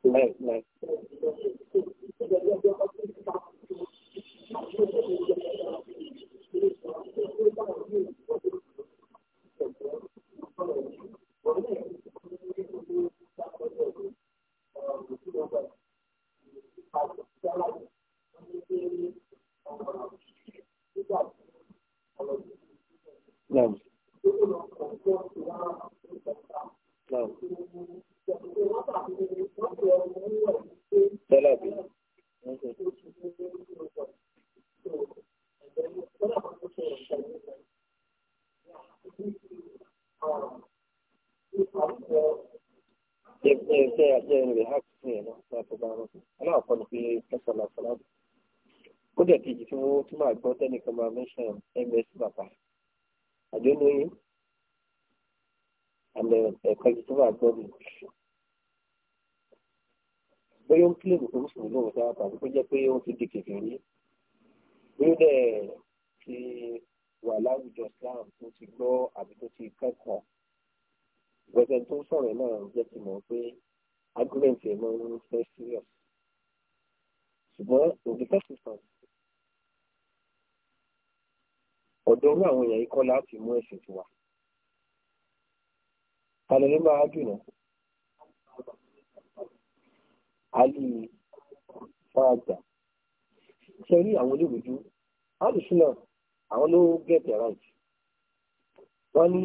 A: Right, right. supervision ms bàbá àjọlóyè àmì ẹ̀ka ìjọba àgbọ̀nù bóyá ń kílèmù tó ń sùn lóun sáà tàbí kó jẹ́ pé ó ti di kékeré bóyá dẹ̀ ti wà láwùjọ Islam tó ti gbọ́ àbí tó ti kẹ́kọ̀ọ́ gbẹ̀gbẹ̀ tó ń sọ̀rọ̀ náà jẹ́ ti mọ̀ pé argument ẹ̀ máa ń fẹ́ serious ṣùgbọ́n òbí fẹ́ sísan ọ̀dọ̀ ní àwọn èèyàn ikọ́ láti mú ẹ̀sìn ti wà tàlẹ́ ló máa dùnà alì fàájà ṣe rí àwọn olóògbéjú alùsùnà àwọn ló gẹ̀ẹ́tẹ̀ ráìtì wọ́n ní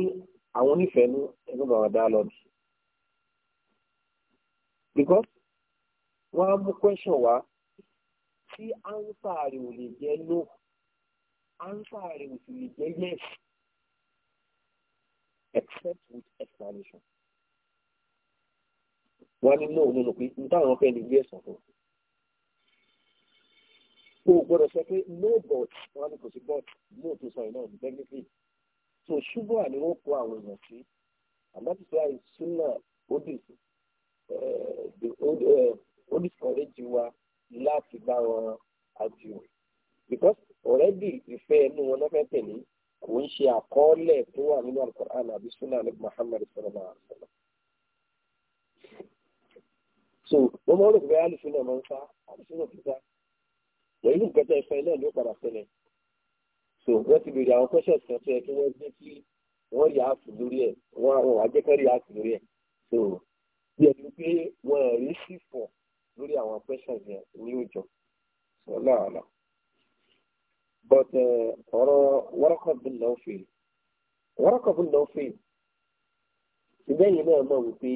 A: àwọn onífẹ̀ẹ́ ní ẹgbẹ́ bàbá dáálọ́ọ̀dù because wọ́n á mú question wá tí áńsà rẹ̀ ò lè jẹ́ lóko Answering with ò yes except with explanation. wọ́n á ní no? nínú pé n táwọn fẹ́ lè gbé ẹ̀sán fún o gbọ́dọ̀ sọ pé no but wọ́n á ní kò sí but no tó sọ iná ní technically so ṣùgbọ́n àní wọ́n kó àwọn èèyàn sí àmọ́ ti sọ àìsùn náà ó dì sí ó discourage wa láti bá wọn àjò because ọ̀rẹ́dì ìfẹ́ inú wọn náà fẹ́ tẹ̀lé kò ń ṣe àkọọ́lẹ̀ tó wà nínú alukur'an àbí sunnah ní muhammad sallallahu alaihi wa sallam. so wọ́n máa ń rò pé alùsùn náà máa ń fa alùsùn náà ti fa pẹ̀lú nǹkan tẹ́ fẹ́ náà ló padà ṣẹlẹ̀ so wọ́n ti bèrè àwọn questions kan tó yẹ kí wọ́n gbé kí wọ́n rí ààfù lórí ẹ̀ wọ́n àwọn àjẹkẹ́ rí ààfù lórí ẹ̀ so bí ẹni pé wọ́n rí sí fọ̀ lórí àwọn questions yẹn ní òjò so náà but ọ̀rọ̀ wọ́rọ́kọ̀ bí lọ́ọ̀fì wọ́rọ́kọ̀ bí lọ́ọ̀fì ìgbẹ́yìn náà mọ̀ wípé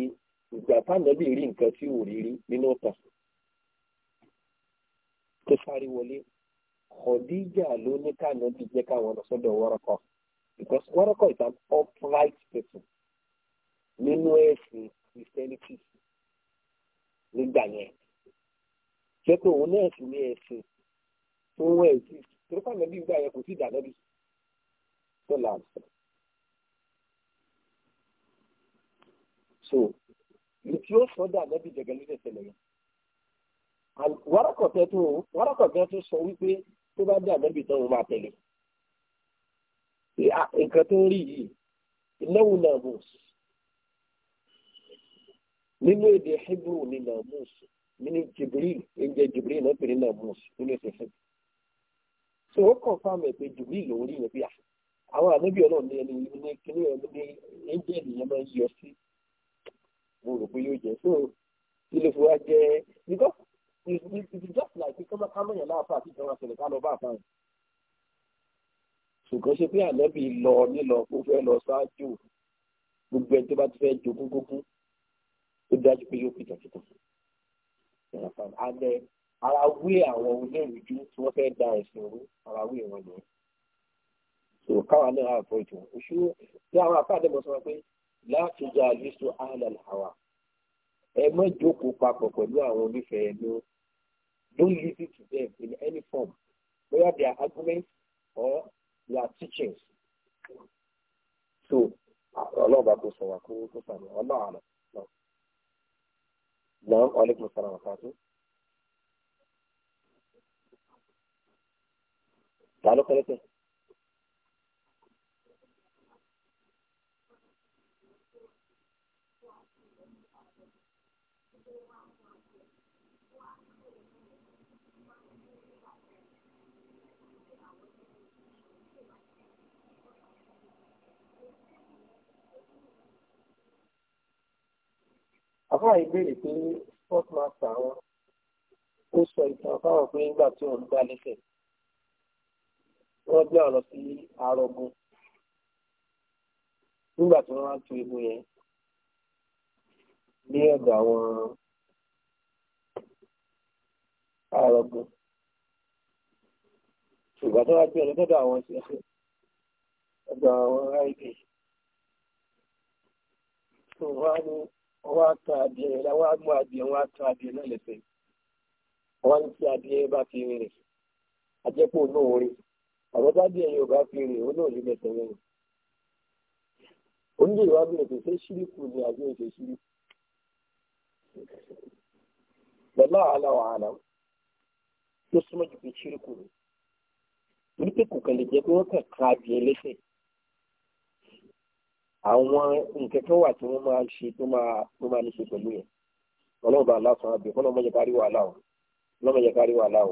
A: ìgbà tánàbí rí nǹkan tí ò rí rí nínú ọ̀tàn tó sáré wọlé Khadija ló ní kánàbí jẹ́ káwọn lọ sọ́dọ̀ wọ́rọ́kọ̀ because wọ́rọ́kọ̀ is an upright person nínú ẹ̀sìn Christianity nígbà yẹn jẹ́ pé òun náà sì ní ẹ̀sìn tó ń exist torí pàmò bí gbà yẹn kò sí ìdánẹ́bí tó là ń sọ. so ní tí ó sọ dànẹ́bí jẹ̀gẹ́ ló ṣẹ̀ṣẹ̀lẹ̀ yẹn wárakọ̀tẹ́ tó wárakọ̀tẹ́ tó sọ wípé tó bá dànẹ́bí tán mo máa tẹ̀lé nǹkan tó ń rí yìí ìnáwó náà mò ń sùn nínú èdè hebrew ni náà nínú jibril ń jẹ jibril náà pè ní náà nínú èdè so ó kàn fáwọn ẹ̀ pé jùlọ ìlòun rí yẹn bí a àwọn àníbí ọlọ́run ní ẹni ní kíní ẹni ní ẹ́ńjẹ́ẹ̀lì yẹn máa ń yọ sí mo rò pé yóò jẹ́ so ilé fún wa jẹ́ because it's it's just like kí kámọ́ yẹn láàfà àti ìjọba ṣẹlẹ̀ ká lọ bá àfà yẹn ṣùgbọ́n ṣe pé ànábì lọ nílọ kó fẹ́ lọ ṣáájú gbogbo ẹni tó bá ti fẹ́ jogún gógún ó dájú pé yóò pìtàn pìtàn arawé àwọn onírúurú tí wọ́n fẹ́ da ẹ̀sìn rú arawé wọn nìyẹn so káwa náà àpò ètò oṣù tí àwọn afáàdébọ̀ sọ pé láti jẹ àlùsọ àlàlà àwà ẹ má jókòó papọ̀ pẹ̀lú àwọn onífẹ̀ẹ́ ló don't listen to them in any form whether they are arguments or their teachings so ọlọ́ọ̀bá kò sọ̀rọ̀ kó tó sàmì ọlọ́ọ̀lá náà ọlẹ́kùn sàrànwá káàtó. ta ló pẹ́lẹ́pẹ́. àfáà ìbéèrè pé sportmaster wọn ó sọ ìtàn fáwọn pé nígbà tí òun gbá lẹ́sẹ̀ wọ́n gbé ọ̀rọ̀ sí arọgun nígbà tí wọ́n wá tu ibo yẹn ní ọ̀dọ̀ àwọn arọgun ṣùgbọ́n tó wá gbé ọ̀rọ̀ tọ́dọ̀ àwọn ṣe ọ̀dọ̀ àwọn ráìdì tó wá tan adìẹ yẹn á mú adìẹ wọ́n á tan adìẹ àwọn bá díẹ̀ yóò bá fi rè ó náà lè mẹ́tẹ̀ lẹ́yìn oúnjẹ ìwádìí ètò ṣíríkù ni àbí ètò ṣíríkù pẹ̀lú àhálà wàhálà tó súnmọ́ jù pé ṣíríkù ni torí pé kò kàn lè jẹ́ pé wọ́n kàn ká adìẹ lẹ́sẹ̀ àwọn nǹkan kan wà tí wọ́n máa ṣe tó máa tó máa ní ṣe pẹ̀lú yẹn ọlọ́run bá aláṣọ àbí kọ́nà ọmọ yẹn kárí wàhálà o ọlọ́run yẹn kárí wàhálà o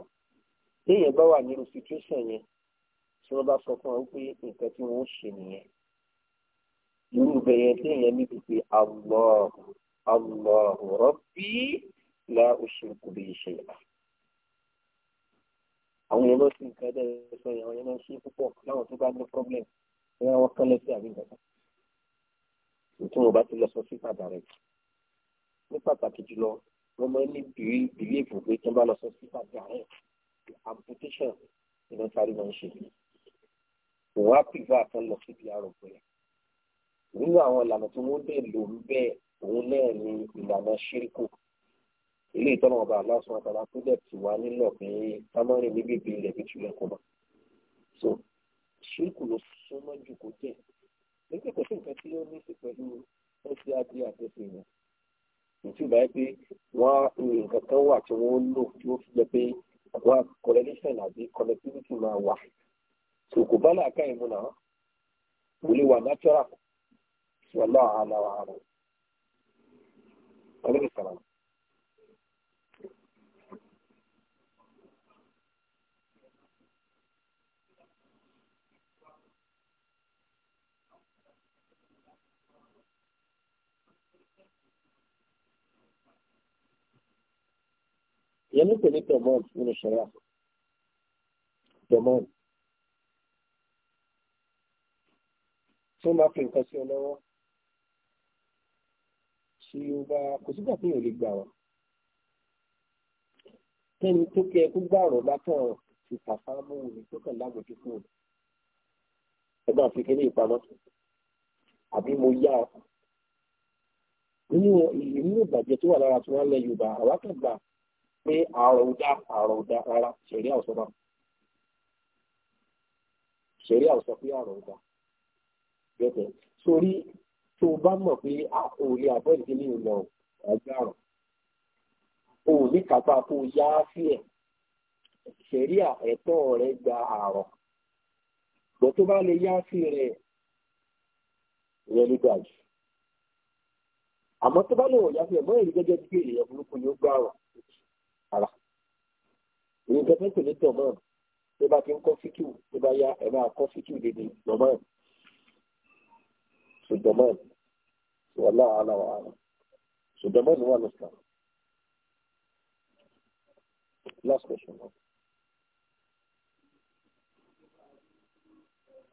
A: tí wọ́n bá sọ fún wọn pé nǹkan tí wọ́n ṣe nìyẹn irú bẹ̀yẹn téèyàn níbi pé Allahu Allahu Rabbi la ushriku bihi shay'a àwọn yẹn lọ sí nǹkan ẹ̀dá ẹ̀sọ́ yẹn àwọn yẹn lọ sí púpọ̀ láwọn tó bá ní problem ẹ̀yà wọn kán lẹ́sẹ̀ àbí nǹkan kan tí wọn bá ti lọ sọ sí padà rẹ̀ ní pàtàkì jùlọ wọn máa ń ní bìlíìfù pé tí wọn bá lọ sọ sí padà rẹ̀ amputation ìrántí àríwá ń ṣe yìí òun á pìgbà kan lọ síbi àròpọ̀ yẹn nínú àwọn ìlànà tí wọ́n dẹ̀ lò ń bẹ́ẹ̀ òun náà ni ìlànà ṣíríkù ilé ìtọ́nà ọba aláṣọ àtàlà tó dẹ̀ tì wá nílọ̀ pé támọ́rin níbi ìbí ilẹ̀ bí tulẹ̀ kọ́ mọ́ so ṣíríkù ló súnmọ́ jù kó jẹ́ nígbà tó sì nǹkan tí ó ní sí pẹ̀lú ó sì á di àtẹ̀sẹ̀ yẹn ìtú ìbáyé pé wọ́n nǹkan kan wà tí wọ́n lò tí ó fi jẹ́ pé wọ́n correlation àbí connectivity máa wà aka kò bá wuli wa náà kò ala wà ala wàlá àlà àrà ọlọ́run sàrà. يعني انت ليه ضمان من الشريعه tí wọ́n máa fi nǹkan sí ọ lọ́wọ́ tí o bá kò sígbà tí yóò lè gbà wá tẹni tó kẹ kó gbà ọ̀rọ̀ ti fàfà mọwò ní tó kàn lágbòjú fún un ẹ bá fi kéde ìpamọ́ àbí mo yá ọ nínú ìlú ìbàjẹ́ tó wà lára tí wọ́n lẹ Yorùbá àwa kan gbà pé àrò ọdá àrò ọdá rárá ṣẹlẹ àwòsàn bá ṣẹlẹ àwòsàn pé àrò ọdá yọ̀tọ̀ sórí tó o bá mọ̀ pé a ò lè àbọ̀ ìdí mi ò lọ ọgbàrún o ò ní kápá kó o yá sí ẹ̀ ṣẹ̀ríà ẹ̀tọ́ rẹ̀ gba àrọ̀ gbọ́ tó bá lè yá sí rẹ̀ ìyẹn ló gbà jù àmọ́ tó bá lè wọ̀ yá sí ẹ̀ mọ́ èrè gẹ́gẹ́ bí èèyàn burúkú ni ó gbà rọ̀ ara èyí gẹ́gẹ́ pẹ̀lú tọ̀ mọ́ tó bá ti ń kọ́ fíkìú tó bá yá ẹ̀ máa kọ́ fíkìú dédé lọ́mọ́ ẹ̀. Sudaman wallahu ala wa ala Sudaman wà lọ́sàn. Last question.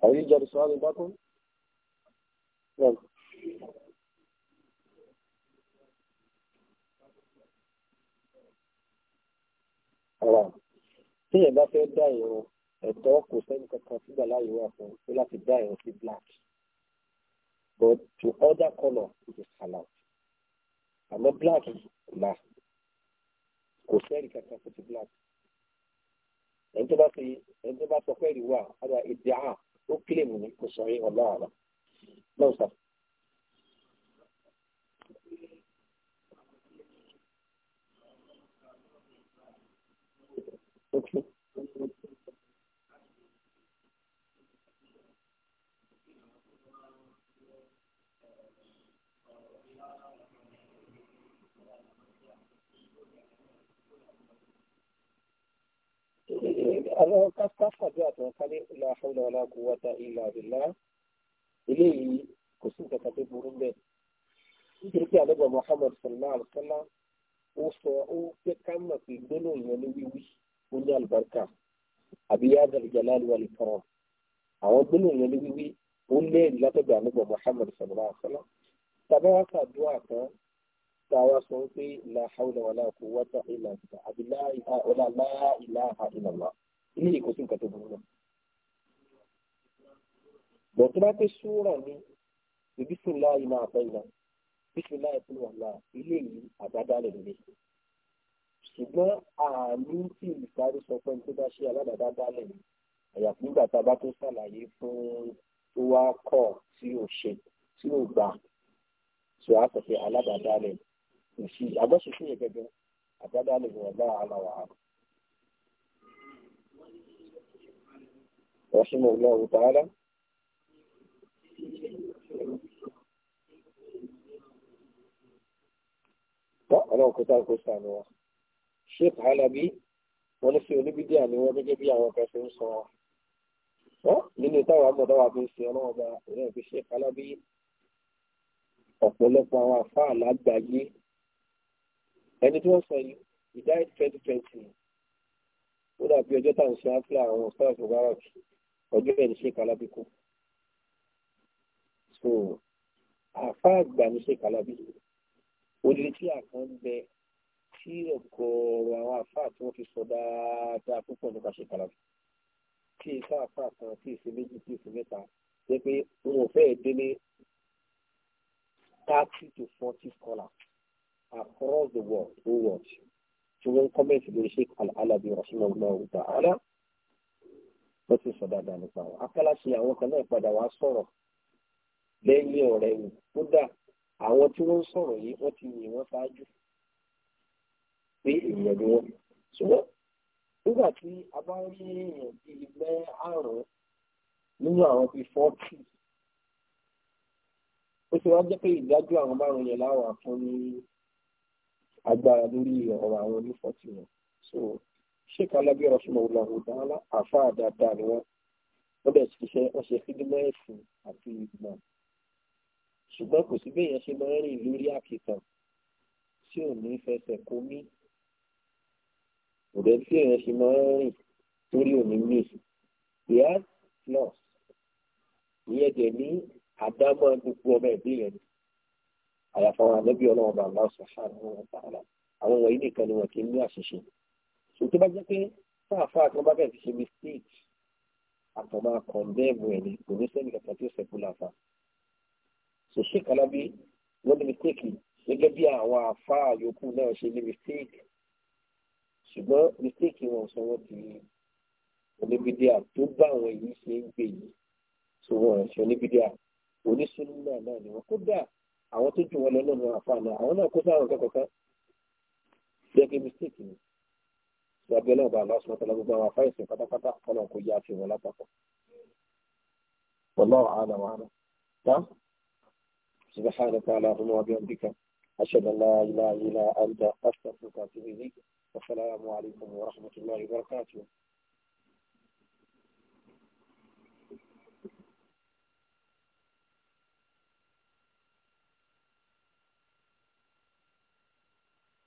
A: هل يوجد سؤال باقي؟ نعم ọ̀rọ̀ tí yẹn bá fẹ́ dá ìrún ẹ̀tọ́ kò sẹ́ni kankan sígbà láyé wà fún un láti dá ìrún sí black. But to other color, it is allowed. Àmọ́ black là kò black. Ẹni tó bá fi ẹni tó bá sọ pé ìwà àgbà èdè àá ó kílèmù ní kò sọ yín sorry àlà. Okay. àwọn káfíńtàfàdé àtọ̀nkálẹ̀ la hawla wala quwwata illa billah eléyìí kò sí nǹkan kan tó burú bẹ́ẹ̀ nítorí pé àlọ́gbà Muhammad sallallahu alayhi wa sallam ó sọ ó fẹ́ ká mọ̀ pé gbólóhùn yẹn ní wíwí ó ní àlùbáríkà àbí yá dal jalali wal ikram àwọn gbólóhùn yẹn ní wíwí ó lẹ́ẹ̀rí látọ̀dọ̀ àlọ́gbà Muhammad sallallahu alayhi wa sallam tàbá wá sàdúrà kan táwa sọ pé la hawla wala quwwata illa billah àbí la ilaha illallah eléyìí kò sí nǹkan tó burú lọ. bọ̀ bá pé súrà ni ìbísùnlá iná àtẹ́yìnà bísùnlá ìpínlẹ̀ ọ̀la eléyìí àdádálẹ̀ lélẹ̀. ṣùgbọ́n àmì tí ìsáré sọ pé tó bá ṣe aládàádálẹ̀ àyàfi nígbà tá a bá tó ṣàlàyé fún tó wá kọ̀ tí ò ṣe tí ò gbà tí a sọ pé aládàádálẹ̀ kò sí àgbọ̀ṣe fún yẹn gẹ́gẹ́ àdádálẹ̀ ìwọ̀nba aláwọ̀ àrùn. رحمه الله تعالى ọlọ́run kò tá kó sànù wa sheikh halabi wọn ní sí oníbídíà ni wọn gẹ́gẹ́ bí àwọn kan ṣe ń sọ wọn nínú táwọn amọ̀dáwà fi ń sin ọlọ́run ọba ìrìn àti sheikh halabi ọ̀pọ̀lọpọ̀ àwọn àfáà lágbàáyé ẹni tí wọ́n sọ yìí ìdá twenty twenty ó dàbí ọjọ́ tá à ń ṣe áfíà àwọn ọ̀sán ìfowópamọ́ ọjọ́ ẹ̀ ní Sheikh Alabi kú so àfa àgbà ní Sheikh Alabi odidi tí àkàn bẹ tí ọ̀gọ̀ọ̀rọ̀ àwọn àfa tí wọ́n fi sọ dáadáa púpọ̀ nípa Sheikh Alabi tí ìfẹ́ àfa kan tí ìfẹ́ méjì tí ìfẹ́ mẹ́ta jẹ́ pé wọn ò fẹ́ẹ̀ délé thirty to forty scholars across the world who watch tí wọ́n kọ́mẹ̀tì lórí Sheikh Alabi rahimahullah ta'ala ló sì sọ dáadáa nípa wọn akálàṣe àwọn kan náà padà wá sọ̀rọ̀ lẹ́yìn ọ̀rẹ́ wò kódà àwọn tí wọ́n ń sọ̀rọ̀ yìí wọ́n ti yìn wọ́n ṣáájú pé èèyàn ni wọ́n ṣùgbọ́n nígbà tí a bá rí èèyàn bíi mẹ́àrún nínú àwọn bíi fọ́ọ̀tì ó ti wá jẹ́ pé ìdájọ́ àwọn márùn yẹn láwọn fún ní agbára lórí ọ̀rọ̀ àwọn onífọ́ọ̀tì wọn so sheik alabi rahimahullahu ta'ala àfa àdáadáa ni wọn wọn bẹ̀rẹ̀ sí iṣẹ́ wọn ṣe fídímọ́ ẹ̀sìn àti ìgbà ṣùgbọ́n kò sí bẹ́ẹ̀ ṣe máa ń rìn lórí àkìtàn tí ò ní fẹsẹ̀ kó mí tí èèyàn ṣe máa rìn torí òní mí ìyá plus ìyẹn dẹ̀ ní àdámọ́ gbogbo ọmọ ẹ̀bí yẹn ni àyàfọ̀ àwọn àlẹ́bí bàbá ọ̀sán ṣáà ní wọn tààlà àwọn wọ̀nyí nìkan ni wọn kì í ní àṣìṣe so tó bá jẹ́ pé fáàfáà tí wọ́n bá bẹ̀rẹ̀ ti ṣe mistake àtọ̀mọ́ kọ̀ndẹ́ẹ̀mù ẹ̀ ní kò ní sẹ́ni kankan tí ó sẹ́kù láfa so ṣé kalábí wọ́n ní mistake gẹ́gẹ́ bí àwọn àfáà yòókù náà ṣe ní mistake ṣùgbọ́n mistake wọn sọ wọ́n ti oníbídíà tó bá àwọn èyí ṣe ń gbé yìí so wọn ṣe oníbídíà onísùnnà náà ni wọn kódà àwọn tó ju wọn lọ lọ́nà àfáà náà àwọn náà kó sáwọn kankan kan jẹ́ mistake ni gbàgbé náà bá aláṣọ mọ́tàlá gbogbo àwọn afáìsìn pátápátá kọ́nà kò yá fi wọn lápapọ̀. والله أعلم وأعلم نعم سبحانك اللهم وبحمدك أشهد أن لا إله إلا أنت أستغفرك وأتوب إليك والسلام عليكم ورحمة الله وبركاته